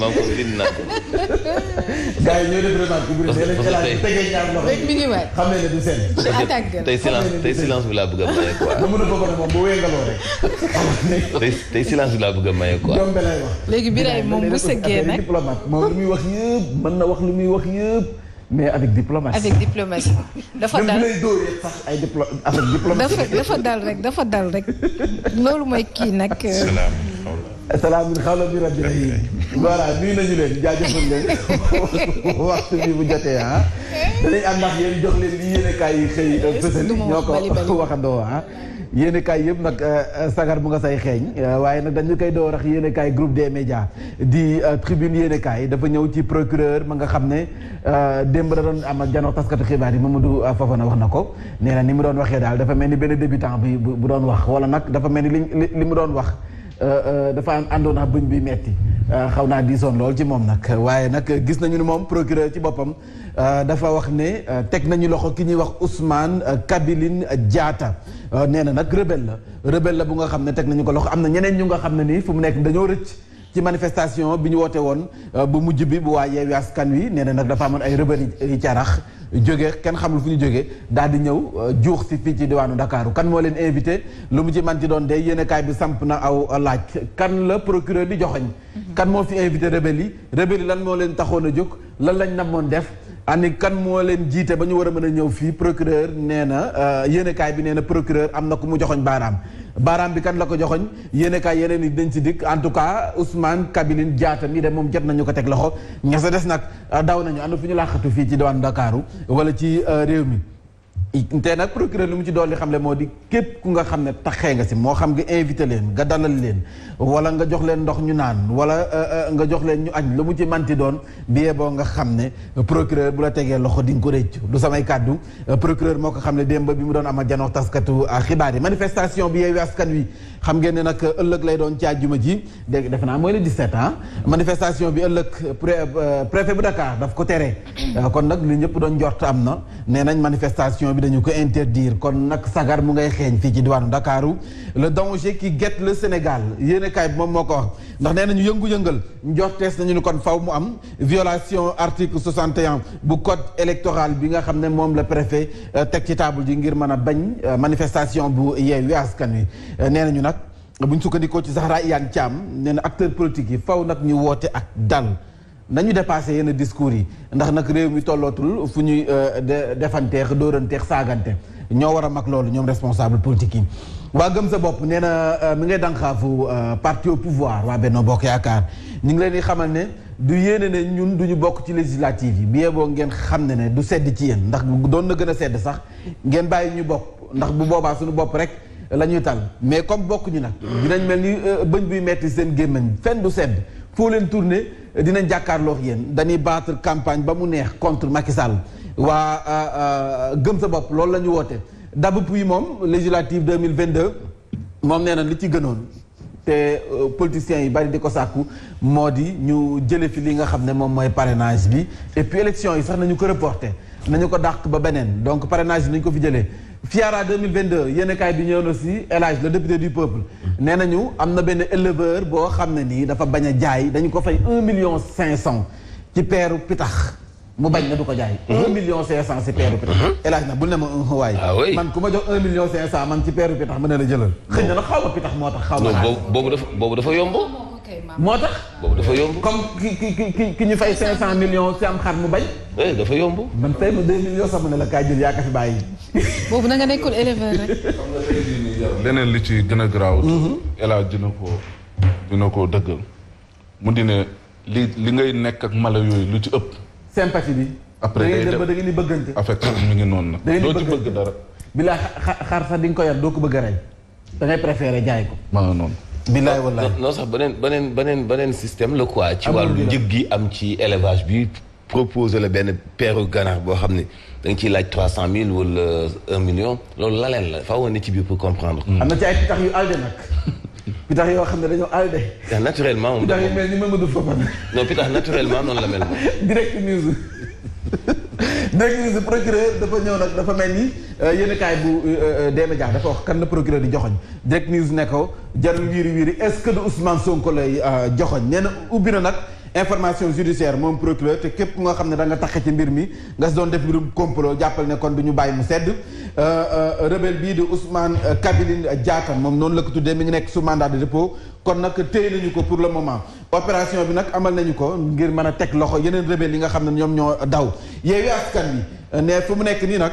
maa ngi ko bind naa ko. gars yi ñoo def remarque bu ne leen xalaat ñu tegee ñaar loxo rek mi ngi waay xam ne du seen. attaque tey silence tey silence bi laa bëgg a maye quoi. ba mën a bokk moom bu wéngaloo rek. tey tey silence bi laa bëgg a maye quoi. jombe lay wax. léegi Biray moom bu sëggee nag diplomate moom lu muy wax yëpp mën na wax lu muy wax yëpp. mais avec diplomatie. avec diplomatie. dafa dal lay dóoree sax ay diplo avec diplomatie. dafa dafa dal rek dafa dal rek loolu mooy kii nag. Euh, salaamun xawlan min rabbil alamin voilà nuyu nañu leen jaajëfal leen waxtu bi bu jotee ah danañ ànd ak yéen jox leen li yéene yi xëy euh, fësal ñoo ko waxandoo ah yéene kaay yëpp nag euh, sagar bu nga say xeeñ euh, waaye nag dañu koy door ak yéene kaay groupe des médias di tribune yéene kaay dafa ñëw ci procureur ma nga xam ne démb da doon am a ak janox taskatu xibaar yi Mamadou Fofana wax na ko nee ni mu doon waxee daal dafa mel ni benn débutant bi bu doon wax wala nag dafa mel ni li li mu doon wax Euh, euh, dafa am àndoon ak bëñ bi metti euh, xaw naa diisoon lool ci moom nag waaye nag gis nañu ni moom procureur ci boppam dafa wax ne teg nañu loxo ki ñuy wax Ousmane Kabiline jaata nee na nag rebelle la rebelle la bu nga xam ne teg nañu ko loxo am na ñeneen ñu nga xam ne nii fu mu nekk dañoo rëcc. ci manifestation bi ñu woote woon euh, bu mujj bi bu waa Yewwi Askan Wi nee na nag dafa amoon ay rëbëri yi carax jóge kenn xamul fu ñu jóge daal di ñëw euh, juux si fii ci diwaanu Ndakaaru kan moo leen invité lu mu ci man ci doon de yéenekaay bi samp na aw laaj kan la procureur di joxoñ mhm. kan moo fi invité rebelle yi rebelle lan moo leen taxoon a jóg lan lañ namoon def ani kan moo leen jiite ba ñu war a mën a ñëw fii procureur nee na euh, yéenekaay bi nee na procureur am na ku mu joxoñ baaraam baaraam bi kan la ko joxoñ yéen kaay yeneen yi dañ si dikk en tout cas Ousmane Kabiline Diatta mi de moom jot nañu ko teg loxo ña sa des nag daw nañu ànd fu ñu laaxatu fii ci diwaan Ndakaaru wala ci euh, réew mi te nag procureur li mu ci dolli xam le moo di képp ku nga xam ne taxee nga si moo xam nga invité leen nga dalal leen wala nga jox leen ndox ñu naan wala euh, euh, nga jox leen ñu añ lu mu ci manti doon biyee boo nga xam ne procureur bu la tegee loxo di ko réccu du samay kàddu euh, procureur moo ko xam ne démb bi mu doon amal janoo taskatu xibaar yi manifestation bi yeewu askan wi xam ngeen ne nag ëllëg lay doon ci àjjuma ji dégg defe naa mooy le 17 ans ah. manifestation bi ëllëg préfet bu Dakar daf ko kon nag li ñëpp doon njort am na nee nañ manifestation consommation bi dañu ko interdire kon nag sagar mu ngay xeeñ fii ci diwaanu Ndakaaru le danger qui guette le Sénégal yéene kaay bi moom moo ko wax ndax nee ñu yëngu-yëngal njortees nañu ne kon faw mu am violation article 61 bu code électoral bi nga xam ne moom la préfet euh, teg ci table ji ngir mën a bañ euh, manifestation bu Yewwi Askan Wi euh, nee nañu nag buñ sukkandikoo ci Zahra Iyane caam nee na acteur politique yi faw nag ñu woote ak dal nañu dépassé yenn discours yi ndax nag réew mi tollootul fu ñuy euh, defanteex dóoranteex saagante ñoo war a mag loolu ñoom responsable politique yi waa gëm sa bopp nee na euh, mi ngay dànqaafu euh, parti au pouvoir waa benn Bokk Yaakaar ñu ngi leen di xamal ne du yéene ne ñun du ñu bokk ci législative yi bien boo ngeen xam ne ne du sedd ci yéen ndax doon na gën a sedd sax ngeen bàyyi ñu bokk ndax bu boobaa suñu bopp rek la ñuy tal mais comme bokkuñu ñu nag dinañ mel ni bëñ buy metti seen gémmañ fenn du sedd foo leen tourné dinañ jàkkaarloo ak yéen dañuy battre campagne ba mu neex contre Macky Sall waa euh, euh, gëm sa bopp loolu la ñu woote Dabou Pouy moom législative deux moom nee na li ci gënoon te euh, politiciens yi bari di ko sàkku moo di ñu jële fi li nga xam ne moom mooy parrainage bi et puis élection yi sax nañu ko reporté nañu ko dàq ba beneen donc parrainage bi nañu ko fi jëlee FIARA 2022 yéen kaay bi ñëw na si El Hadj le député du peuple nee nañu am na benn éleveur boo xam ne nii dafa bañ a jaay dañu ko fay un million cinq cent ci peeru pitax mu na du ko jaay mhm. un million cinq cent si peeru pitax mhm. El Hadj nag bul ma un euh, euh, waay ah man ku ma jox un million cinq cent man ci peeru pitax mën ne la jëlal xëy na nag xaw ma pitax moo tax xaw ma boobu dafa boobu dafa yomb moo tax. boobu dafa yomb. comme ki ki ki ñu fay 500 millions si am xar mu bay eh, dafa yomb. man tey ma 2 millions sax ne la kaay jël yaa ka fi bàyyi. boobu na nga nekkul éleveur rek. leneen lu ci gën a garaaw. Mhm. Ela dina ko dina ko dëggal. mu di li li ngay nekk mala yooyu lu ci ëpp. sympathie bi. après day dem ngeen di bëggante. affection mi ngi noonu la. da ngeen di bëggante doo ci bëgg dara. bilaa xar sax di nga ko yar doo ko bëgg a rey. da préféré jaay ko. maa noonu. bilaay wallaay non sax beneen beneen beneen beneen système la quoi. ci wàllu njëg gi am ci élevage bi. proposer la benn peeru ganaar boo xam ne da ciy laaj trois cent mille wala euh, un million. loolu laleen la faaw ne ci bi pour comprendre. Hmm. am na ci ay pitax yu alde nag. pitax yoo xam ne dañoo alde. pitax naturellement moom. pitax non noonu la mel. direct news. dégg nga procureur dafa ñëw nag dafa mel ni euh, yéen kaay bu euh, euh, D-Média dafa wax kan la procureur di joxoñ direct news ne ko jarul wiiri wiiri est-ce que du Ousmane Sonko lay joxoñ nee ubbi na nag information judiciaire moom procureur te képp nga xam ne da nga taxe ci mbir mi nga si doon def mbirum complot jàppal ne kon du ñu bàyyi mu sedd rebel bii di Ousmane Kabiline Diatta moom noonu la ko tuddee mi ngi nekk sous mandat de dépôt kon nag téye nañu ko pour le moment opération bi nag amal nañu ko ngir mën a teg loxo yeneen rebelle yi nga xam ne ñoom ñoo daw Yewwi Askan Wi ne fu mu nekk nii nag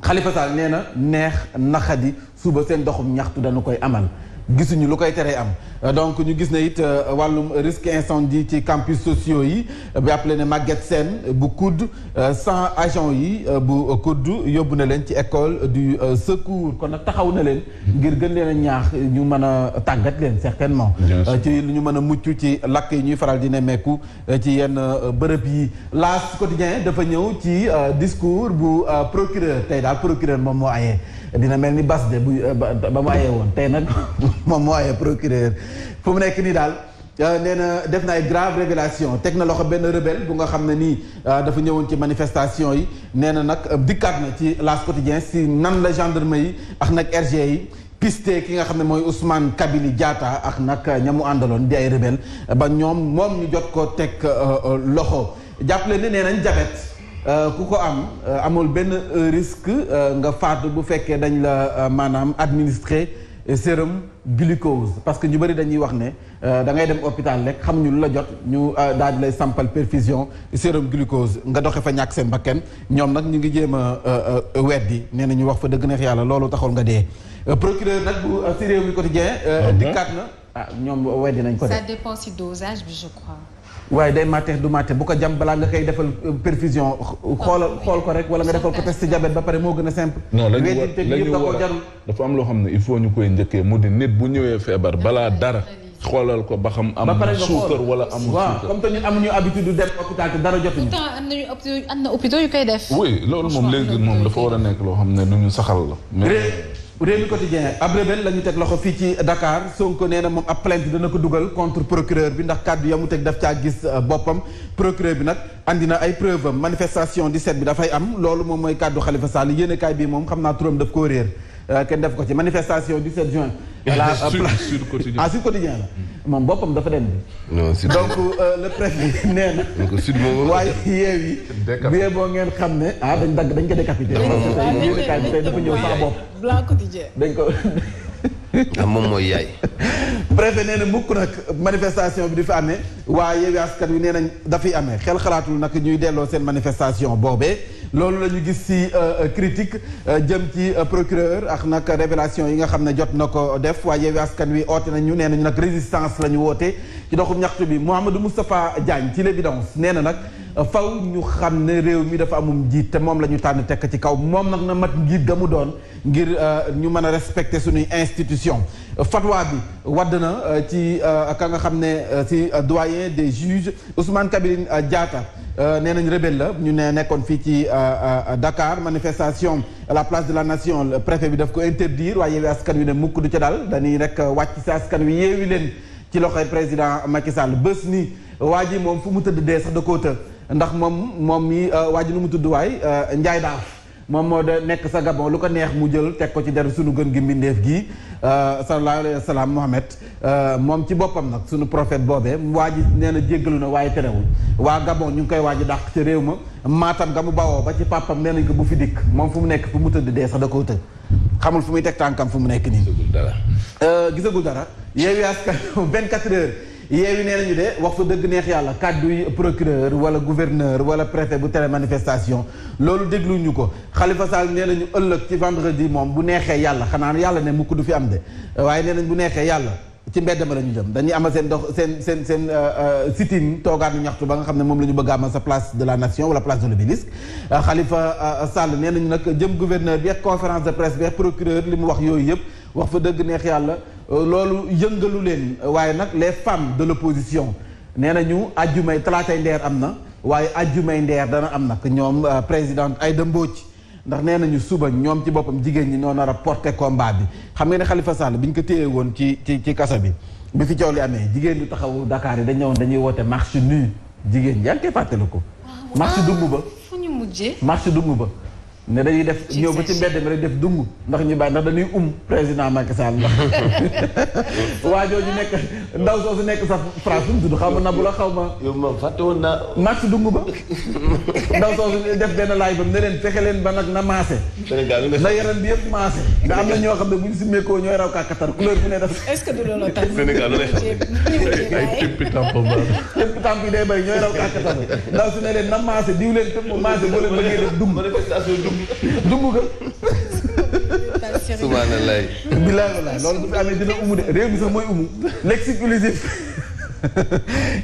Khalifa Sall nee na neex naxadi suba seen doxum ñaxtu dañu koy amal gisuñu lu koy teree am donc ñu gis ne it euh, wàllum risque incendie ci campus sociaux yi bi appelé na Maguette seen bu COUD sans euh, agent yi euh, bu COUD yóbbu na leen ci école du secours kon nag taxaw na leen ngir gën leen ñaax ñu mën a tàngat leen certainement ci lu ñu mën a mucc ci lakk yi ñuy faral di nemmeeku ci yenn bërëb yi laas quotidien dafa ñëw ci discours bu procureur tey daal procureur moom moo ayee dina mel ni bas de bu eh, ba mu ayee woon tey nag moom moo ayee procureur fu mu nekk nii daal eh, nee na def na ay grave révélation teg na loxo benn rebelle bu nga xam ne nii eh, dafa ñëwoon ci manifestation yi nee na nag dikkaat na ci L'As Quotidien si nan la gendarme yi ak nag RG yi piste ki nga xam ne mooy Ousmane Kabili Diatta ak nag ñamu àndaloon di ay rebelle ba ñoom moom ñu jot ko teg loxo jàppale ne nee nañ jabet Euh, ku ko am euh, amul benn euh, risque nga faatu bu fekkee dañ la maanaam administré sérum glucose parce que ñu bëri dañuy wax ne da ngay dem hôpital rek xamuñu lu la jot ñu daal di lay sampal perfusion sérum glucose nga doxe fa ñàkk seen bakken ñoom nag ñu ngi jéem a weddi nee na ñu wax fa dëgg neex yàlla loolu taxul nga dee procureur nag bu si réew mi dikkaat na ah, ñoom weddi nañ ko de waaye day màtte du màtte bu ko jam balaa nga kay defal euh, perfusion xoolal xool ko rek wala nga defal ko test diabète ba pare moo gën a simple non lañu war a dafa am loo xam ne il faut ñu koy njëkkee mu di nit bu ñëwee feebar balaa dara xoolal ko ba xam am suukar wala am suukar comme te ñun amuñu habitude dem hôpital te dara jotuñu pourtant am na hôpital yu koy def loolu moom léegi moom dafa war a nekk loo xam ne lu ñu saxal la réew mi quotidien ab rebelle la ñu teg loxo fii ci Dakar Sonko nee na moom ab plainte dana ko dugal contre procureur bi ndax kàddu ya mu teg daf caa gis euh, boppam procureur bi nag andi na ay preuve am manifestation 17 bi dafay am loolu moom mooy kàddu Khalifa Sall yéenekaay bi moom xam naa turam daf ko réer Euh, kenn def ko ci manifestation 17 juin. Euh, la Sud Quotidien ah Sud Quotidien la. moom boppam dafa dem bi. donc euh, le nee na. donc Sud moom waaye yeew yi. décapité boo ngeen xam ne ah dañ dagg dañ ko décapité. dafa ñëw sax bopp. blanc quotidien dañ ko. Ah, moom mooy yaay. préfet nee na mukk nag manifestation bi di fi amee waa yeewi askan wi nee nañ dafay amee xel xalaatul nag ñuy delloo seen manifestation boobee. loolu la ñu gis ci euh, euh, critique euh, jëm ci procureur ak nag révélation yi nga xam ne jot na ko def waaye wi Askan Wi oote nañu nee nañu nag résistance la ñu woote ci doxum ñaxtu bi Mouhamadou Moustapha Diagne ci l'évidence nee na nag faw ñu xam ne réew mi dafa amum jiit te moom la ñu tànn tekk ci kaw moom nag na mat njiit ga mu doon ngir euh, ñu mën a respecter suñuy institution fatwa bi wadd na euh, ci euh, ka nga xam ne si doyen des juges Ousmane Kabiline Diatta nee nañ rebelle la ñu ne nekkoon fii ci Dakar manifestation à la place de la nation le bi daf ko interdire waaye yeewi askan wi ne mukk du ca dal dañuy rek wàcc si askan wi yeewi leen ci loxoy président Macky Sall bés ni waa jii moom fu mu tëdd dee sax da ndax moom moom mi euh, waaj ji nu mu tudd waay euh, Njaay Daaf moom moo de nekk sa gabon lu ko neex mu jël teg ko ci der sunu gën gi mbindeef gii euh, sallallahu alayhi wa salaam Mohamed moom ci boppam nag sunu profet boobee waa ji nee na jéggalu na waaye terewul waa gabon ñu ngi koy waa ji dàq ca réew ma maatam ga mu bawoo ba ci papam nee nañ ko bu fi dikk moom fu mu nekk fu mu tëdd dee sax da koo tëj xamul fu muy teg tànkam fu mu nekk nii. gisagul dara gisagul dara yeewu askan 24 heures. yeewi nee nañu de wax fa dëgg neex yàlla kàdduy procureur wala gouverneur wala préfet bu tere loolu dégluñu ko Khalifa Sall nee nañu ëllëg ci vendredi moom bu neexee yàlla xanaa yàlla ne mukk du fi am de waaye nee nañ bu neexee yàlla ci mbedd ma la ñu jëm dañuy amal seen dox seen seen seen euh, euh, sitin toogaanu ñaxtu ba nga xam ne moom la ñu bëgg ama amal sa place de la nation wala place de l'obélisque euh, Khalifa Sall nee nañu nag jëm gouverneur bi ak conférence de presse bi ak procureur li mu wax yooyu yëpp wax fa dëgg neex yàlla loolu yëngalu leen waaye nag les femmes de l'opposition nee nañu ajjumay talaatay ndeer am na waaye ajjumay ndeer dana am nag ñoom ay Aïda Mbodj ndax nee nañu suba ñoom ci boppam jigéen ñi noo nar a porter combat bi xam nga ne xalifa Sall bi ñu ko téyee woon ci ci ci kaso bi bi fi coow li amee jigéen ñi taxawu Dakar yi dañ dañuy woote marche nu jigéen yaa ngi koy fàttaliku. marche dumb ba fu ñu mujjee marche dumb ba. ne dañuy def ñëw ba ci mbedd mi rek def dungu ndax ñu bàyyi ndax dañuy um président Macky Sall ndax waa jooju nekk ndaw soosu nekk sax France suñu tudd xaw ma nabu la xaw ma. yow moom fàtte woon naa. max dungu ba ndaw soosu def benn laaj ba leen fexe ba nag na maase. na yaram bi yëpp maase. nga am na ñoo xam ne mu ñu si mékkoo ñooy raw kàkkatar couleur bu ne def. est-ce que du ñooy raw kàkkatar ndaw su ne leen na maase diw leen tëpp maase boo leen bëggee def dungu du mbugal. subhanallah. bilaay wallaay loolu bu fi amee dina umu de réew mi sax mooy umu. l'exclusif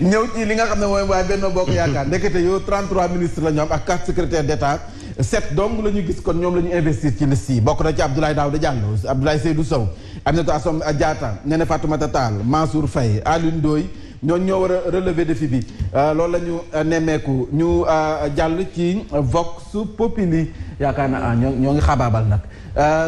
ñëw ci li nga xam ne mooy waaye benn bokk yaakaar ndekete yow 33 ministres la ñu am ak 4 secrétaires d'État. sept donc la ñu gis kon ñoom la ñu investir ci liste yi bokk na ci Abdoulaye Daouda Diallo Abdoulaye Seydou Sow Aminata Assome Diatta Néné Fatoumata Tall Mansour Faye Alioune Ndoye ñooñu ñoo war a relever défi bi euh, loolu la ñu euh, nemmeeku ñu euh, jàll ci Vox Populi yaakaar naa ah, ñoo ñoo ngi xabaabal nag.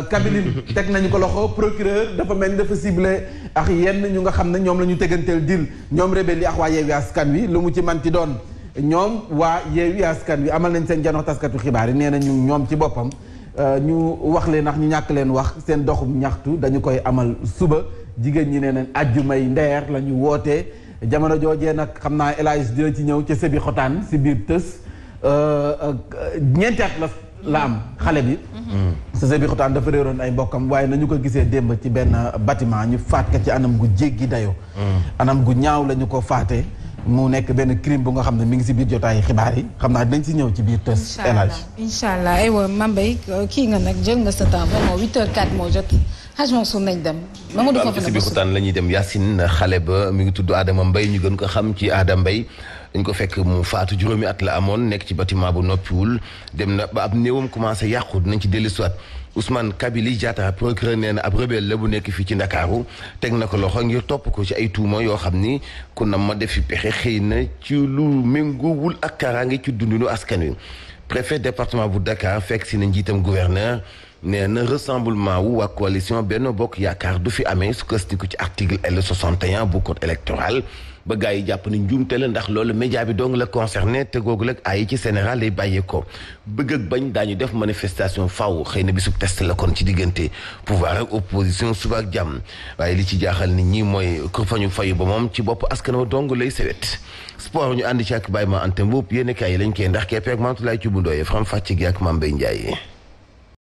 Kabiline teg nañu ko loxo procureur dafa mel ni dafa ciblé ak yenn ñu nga xam ne ñoom la ñu teganteel dil ñoom rebelle yi waa Yewwi Askan Wi lu mu ci manti doon. ñoom waa Yewwi Askan Wi amal nañ seen janox taskatu xibaar yi nee nañu ñoom ci boppam ñu wax leen ndax ñu ñàkk leen wax seen doxum ñaxtu dañu koy amal suba jigéen ñi nee nañ ajjumay ndeer la ñu wootee jamono joojee nag xam naa El dina ci ñëw ca Sébi xotaan si biir tës euh, euh, ñeenti at la la am xale bi. Mm-hmm. sa Sébi xotaan dafa réeroon ay mbokkam waaye nañu ko gisee démb ci benn batiment ñu faat ko ci anam gu jéggi dayoo. Mm. anam gu ñaaw lañu ñu ko faatee. mu nekk benn crime bu nga xam ne mu ngi si biir jotaayu xibaar yi xam naa dinañ si ñëw ci biir tës. El Hadj incha allah incha allah kii nga nag jël nga sa temps vraiment 8 h moo jot. Hadj ah, Mansour nañ dem. Mamadou Fofana Bassirou ci biir xutaan la xale ba mi ngi tudd Adama Mbaye ñu gën ko xam ci Adama Mbaye dañ ko fekk mu faatu juróomi at la amoon nekk ci bâtiment bu noppiwul dem na ba ab néewam commencé yàqu dinañ ci dellu siwaat Ousmane Kabili Diatta procureur nee na ab rebelle la bu nekk fii ci Ndakaaru teg na ko loxo ngir topp ko ci ay tuuma yoo xam ni ku na ma def fi pexe xëy na ci lu méngoowul ak ngi ci dundinu askan wi préfet département bu Dakar fekk si na njiitam gouverneur nee na rassemblement wu waa coalition benn Bokk Yaakaar du fi amee su sukkandiku ci article L61 bu code électoral ba gars yi jàpp ne njuumte la ndax loolu média bi dong la concerné te googu la ay ci général lay bëgg ak bañ ñu def manifestation faw xëy na bisub test la kon ci diggante pouvoir ak opposition suba ak jàmm waaye li ci jaaxal nit ñi mooy ku fañu fayu ba moom ci bopp askan wa dong lay sewet sport ñu ànd ci ak bàyyi ma ante mbuub yéen kaay yi lañ koy ndax kepp ak Mantoulaye Thioub Ndoye faram